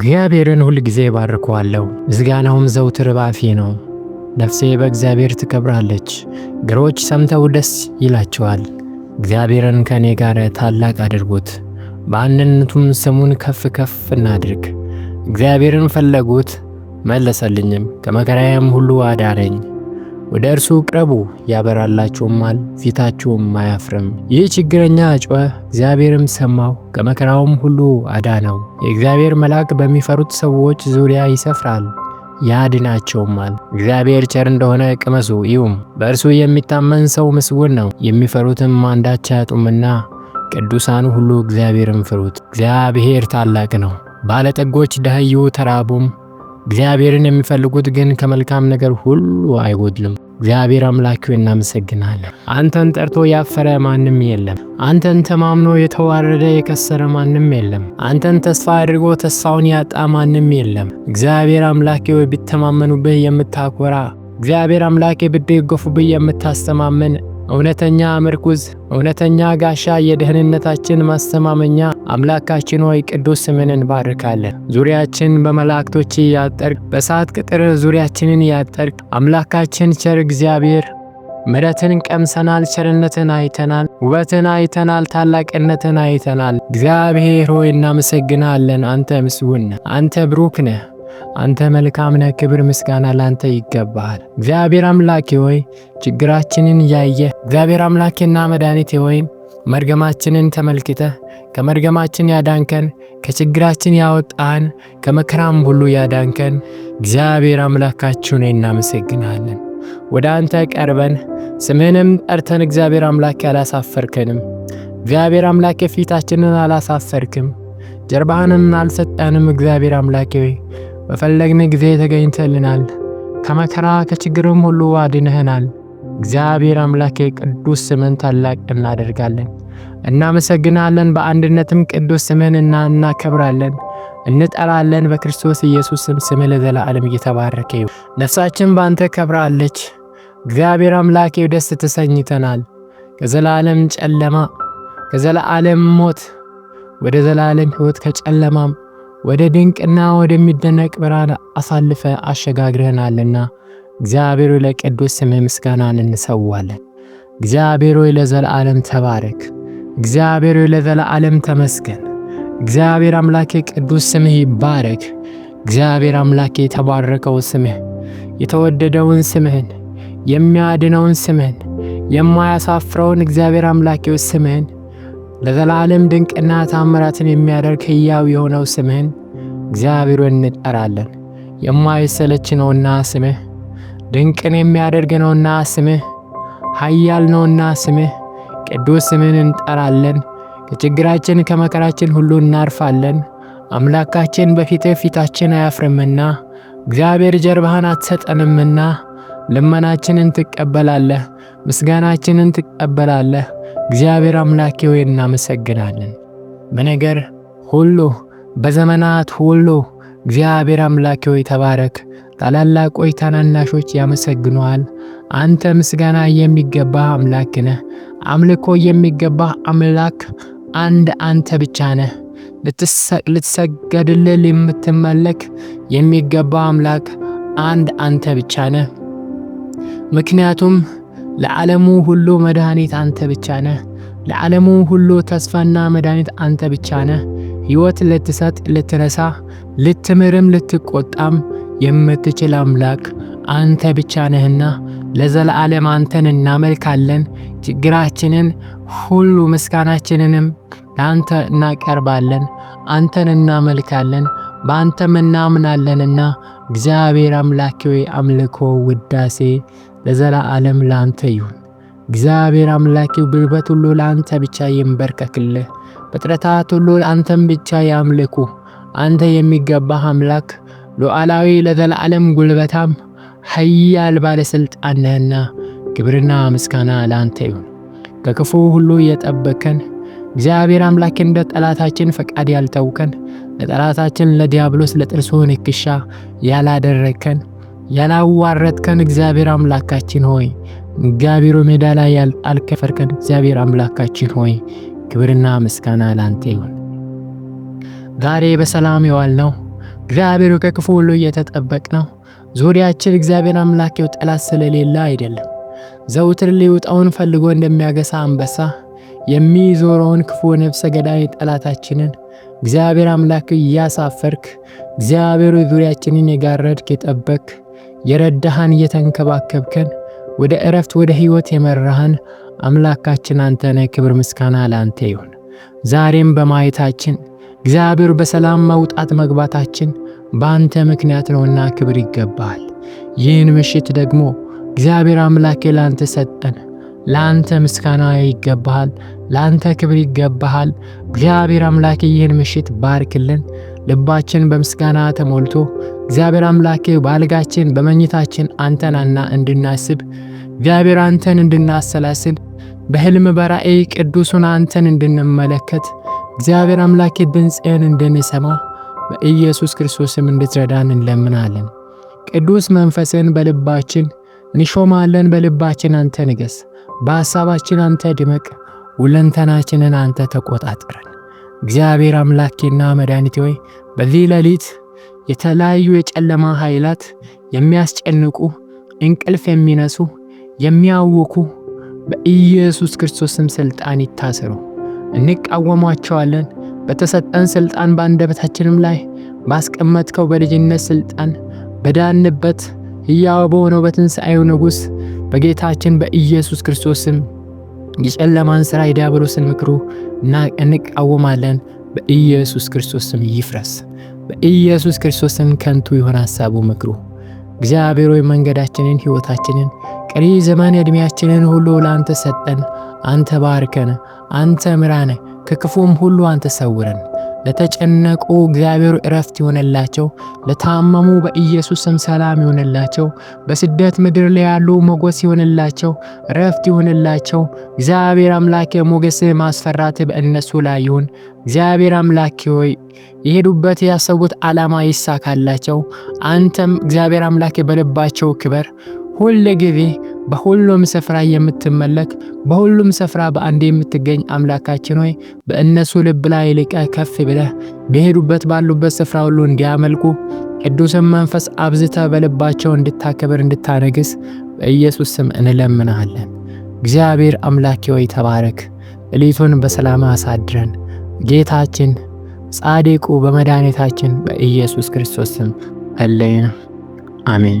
እግዚአብሔርን ሁል ጊዜ ባርኮዋለሁ፣ ምስጋናውም ዘውትር ርባፌ ነው። ነፍሴ በእግዚአብሔር ትከብራለች፣ እግሮች ሰምተው ደስ ይላቸዋል። እግዚአብሔርን ከእኔ ጋር ታላቅ አድርጉት፣ በአንድነቱም ስሙን ከፍ ከፍ እናድርግ። እግዚአብሔርን ፈለጉት መለሰልኝም፣ ከመከራዬም ሁሉ አዳረኝ። ወደ እርሱ ቅረቡ ያበራላችሁማል፣ ፊታችሁም አያፍርም። ይህ ችግረኛ ጮኸ፣ እግዚአብሔርም ሰማው፣ ከመከራውም ሁሉ አዳነው። የእግዚአብሔር መልአክ በሚፈሩት ሰዎች ዙሪያ ይሰፍራል ያድናቸውማል። እግዚአብሔር ቸር እንደሆነ ቅመሱ ይሁም። በእርሱ የሚታመን ሰው ምስጉን ነው። የሚፈሩትም አንዳች አያጡምና ቅዱሳኑ ሁሉ እግዚአብሔርን ፍሩት። እግዚአብሔር ታላቅ ነው። ባለጠጎች ደኸዩ፣ ተራቡም እግዚአብሔርን የሚፈልጉት ግን ከመልካም ነገር ሁሉ አይጎድልም። እግዚአብሔር አምላክ እናመሰግናለን። አንተን ጠርቶ ያፈረ ማንም የለም። አንተን ተማምኖ የተዋረደ የከሰረ ማንም የለም። አንተን ተስፋ አድርጎ ተስፋውን ያጣ ማንም የለም። እግዚአብሔር አምላኬ ቢተማመኑብህ የምታኮራ እግዚአብሔር አምላኬ ብደገፉብህ የምታስተማመን እውነተኛ ምርኩዝ፣ እውነተኛ ጋሻ፣ የደህንነታችን ማስተማመኛ አምላካችን ሆይ ቅዱስ ስምን እንባርካለን። ዙሪያችን በመላእክቶች ያጠርቅ፣ በሰዓት ቅጥር ዙሪያችንን ያጠርቅ። አምላካችን ቸር እግዚአብሔር ምረትን ቀምሰናል፣ ቸርነትን አይተናል፣ ውበትን አይተናል፣ ታላቅነትን አይተናል። እግዚአብሔር ሆይ እናመሰግናለን። አንተ ምስጉን አንተ ብሩክ ነህ። አንተ መልካም ነህ፣ ክብር ምስጋና ላንተ ይገባሃል። እግዚአብሔር አምላኬ ሆይ ችግራችንን ያየህ እግዚአብሔር አምላኬና መድኃኒቴ ሆይ መርገማችንን ተመልክተህ ከመርገማችን ያዳንከን ከችግራችን ያወጣን ከመከራም ሁሉ ያዳንከን እግዚአብሔር አምላካችሁን እናመሰግናለን። ወደ አንተ ቀርበን ስምህንም ጠርተን እግዚአብሔር አምላኬ አላሳፈርከንም። እግዚአብሔር አምላኬ ፊታችንን አላሳፈርክም፣ ጀርባህንን አልሰጠንም። እግዚአብሔር አምላኬ በፈለግን ጊዜ ተገኝተልናል። ከመከራ ከችግርም ሁሉ አድነህናል። እግዚአብሔር አምላኬ ቅዱስ ስምን ታላቅ እናደርጋለን፣ እናመሰግናለን። በአንድነትም ቅዱስ ስምን እና እናከብራለን እንጠራለን። በክርስቶስ ኢየሱስ ስም ለዘላለም እየተባረከ ነፍሳችን በአንተ ከብራለች። እግዚአብሔር አምላኬ ደስ ተሰኝተናል። ከዘላለም ጨለማ ከዘላለም ሞት ወደ ዘላለም ሕይወት ከጨለማም ወደ ድንቅና ወደሚደነቅ ብርሃን አሳልፈ አሸጋግረናልና እግዚአብሔር ሆይ ለቅዱስ ስም ምስጋና እንሰዋለን። እግዚአብሔር ሆይ ለዘላለም ተባረክ። እግዚአብሔር ሆይ ለዘላለም ተመስገን። እግዚአብሔር አምላኬ ቅዱስ ስምህ ይባረክ። እግዚአብሔር አምላኬ የተባረከው ስምህ የተወደደውን ስምህን የሚያድነውን ስምህን የማያሳፍረውን እግዚአብሔር አምላኬው ስምህን ለዘላለም ድንቅና ታምራትን የሚያደርግ ሕያው የሆነው ስምህን እግዚአብሔር እንጠራለን። የማይሰለች ነውና ስምህ ድንቅን የሚያደርግ ነውና ስምህ ኃያል ነውና ስምህ ቅዱስ ስምህን እንጠራለን። ከችግራችን ከመከራችን ሁሉ እናርፋለን። አምላካችን በፊትህ ፊታችን አያፍርምና እግዚአብሔር ጀርባህን አትሰጠንምና ልመናችንን ትቀበላለህ፣ ምስጋናችንን ትቀበላለህ። እግዚአብሔር አምላኬ ሆይ እናመሰግናለን። በነገር ሁሉ በዘመናት ሁሉ እግዚአብሔር አምላኬ ሆይ ተባረክ። ታላላቆች ታናናሾች ያመሰግኗል አንተ ምስጋና የሚገባ አምላክ ነህ። አምልኮ የሚገባ አምላክ አንድ አንተ ብቻ ነህ። ልትሰገድልህ የምትመለክ የሚገባ አምላክ አንድ አንተ ብቻ ነህ። ምክንያቱም ለዓለሙ ሁሉ መድኃኒት አንተ ብቻ ነህ። ለዓለሙ ሁሉ ተስፋና መድኃኒት አንተ ብቻ ነህ። ሕይወት ልትሰጥ፣ ልትረሳ፣ ልትምርም ልትቆጣም የምትችል አምላክ አንተ ብቻ ነህና ለዘለዓለም አንተን እናመልካለን። ችግራችንን ሁሉ ምስጋናችንንም ለአንተ እናቀርባለን። አንተን እናመልካለን፣ በአንተም እናምናለንና እግዚአብሔር አምላኬ አምልኮ ውዳሴ ለዘላለም ለአንተ ይሁን። እግዚአብሔር አምላኬ ብርበት ሁሉ ለአንተ ብቻ ይንበርከክልህ፣ በጥረታት ሁሉ አንተን ብቻ ያምልኩ። አንተ የሚገባህ አምላክ ሉዓላዊ፣ ለዘላለም ጉልበታም ኃያል ባለሥልጣን ነህና ክብርና ምስጋና ለአንተ ይሁን። ከክፉ ሁሉ እየጠበከን እግዚአብሔር አምላክ እንደ ጠላታችን ፈቃድ ያልተውከን ለጠላታችን ለዲያብሎስ ለጥርሱ ንክሻ ያላደረከን ያላዋረድከን እግዚአብሔር አምላካችን ሆይ ጋቢሮ ሜዳ ላይ ያልከፈርከን እግዚአብሔር አምላካችን ሆይ ክብርና ምስጋና ላንተ ይሁን። ዛሬ በሰላም ይዋል ነው እግዚአብሔር ከክፉ ሁሉ እየተጠበቅ ነው። ዙሪያችን እግዚአብሔር አምላክ ጠላት ስለሌለ አይደለም። ዘውትር ሊውጣውን ፈልጎ እንደሚያገሳ አንበሳ የሚዞረውን ክፉ ነፍሰ ገዳይ ጠላታችንን እግዚአብሔር አምላክ እያሳፈርክ እግዚአብሔር ዙሪያችንን የጋረድክ የጠበክ የረዳሃን እየተንከባከብከን ወደ ዕረፍት ወደ ሕይወት የመራህን አምላካችን አንተ ነህ። ክብር ምስጋና ለአንተ ይሁን። ዛሬም በማየታችን እግዚአብሔር በሰላም መውጣት መግባታችን በአንተ ምክንያት ነውና ክብር ይገባሃል። ይህን ምሽት ደግሞ እግዚአብሔር አምላኬ ለአንተ ሰጠን። ለአንተ ምስጋና ይገባሃል። ለአንተ ክብር ይገባሃል። እግዚአብሔር አምላኬ ይህን ምሽት ባርክልን። ልባችን በምስጋና ተሞልቶ እግዚአብሔር አምላኬ በአልጋችን በመኝታችን አንተናና እንድናስብ እግዚአብሔር አንተን እንድናሰላስል በሕልም በራእይ ቅዱሱን አንተን እንድንመለከት እግዚአብሔር አምላኬ ድምፅህን እንድንሰማ በኢየሱስ ክርስቶስም እንድትረዳን እንለምናለን። ቅዱስ መንፈስን በልባችን እንሾማለን። በልባችን አንተ ንገስ፣ በሐሳባችን አንተ ድመቅ፣ ሁለንተናችንን አንተ ተቆጣጠረን። እግዚአብሔር አምላኬና መድኃኒቴ ሆይ በዚህ ሌሊት የተለያዩ የጨለማ ኃይላት የሚያስጨንቁ እንቅልፍ የሚነሱ የሚያውኩ በኢየሱስ ክርስቶስም ስልጣን ይታሰሩ። እንቃወማቸዋለን በተሰጠን ስልጣን በአንደበታችንም ላይ ባስቀመጥከው በልጅነት ስልጣን በዳንበት ሕያው በሆነው በትንሣኤው ንጉሥ በጌታችን በኢየሱስ ስም የጨለማን ሥራ የዲያብሎስን ምክሩ እንቃወማለን። በኢየሱስ ክርስቶስ ስም ይፍረስ። በኢየሱስ ክርስቶስ ስም ከንቱ የሆነ ሐሳቡ ምክሩ። እግዚአብሔር ሆይ መንገዳችንን፣ ሕይወታችንን፣ ቀሪ ዘመን ዕድሜያችንን ሁሉ ለአንተ ሰጠን። አንተ ባርከን፣ አንተ ምራነ፣ ከክፉም ሁሉ አንተ ሰውረን። ለተጨነቁ እግዚአብሔር እረፍት ይሆንላቸው ለታመሙ በኢየሱስ ስም ሰላም ይሆንላቸው በስደት ምድር ላይ ያሉ ሞገስ ይሆንላቸው፣ እረፍት ይሆንላቸው። እግዚአብሔር አምላክ ሞገስ ማስፈራት በእነሱ ላይ ይሁን። እግዚአብሔር አምላክ ሆይ የሄዱበት ያሰቡት ዓላማ ይሳካላቸው። አንተም እግዚአብሔር አምላክ በልባቸው ክበር። ሁል ጊዜ በሁሉም ስፍራ የምትመለክ በሁሉም ስፍራ በአንድ የምትገኝ አምላካችን ሆይ በእነሱ ልብ ላይ ልቀ ከፍ ብለህ በሄዱበት ባሉበት ስፍራ ሁሉ እንዲያመልኩ ቅዱስን መንፈስ አብዝተ በልባቸው እንድታከብር እንድታነግስ በኢየሱስ ስም እንለምናለን። እግዚአብሔር አምላኬ ሆይ ተባረክ። ሌሊቱን በሰላም አሳድረን ጌታችን ጻድቁ በመድኃኒታችን በኢየሱስ ክርስቶስ ስም ጸለይን። አሜን።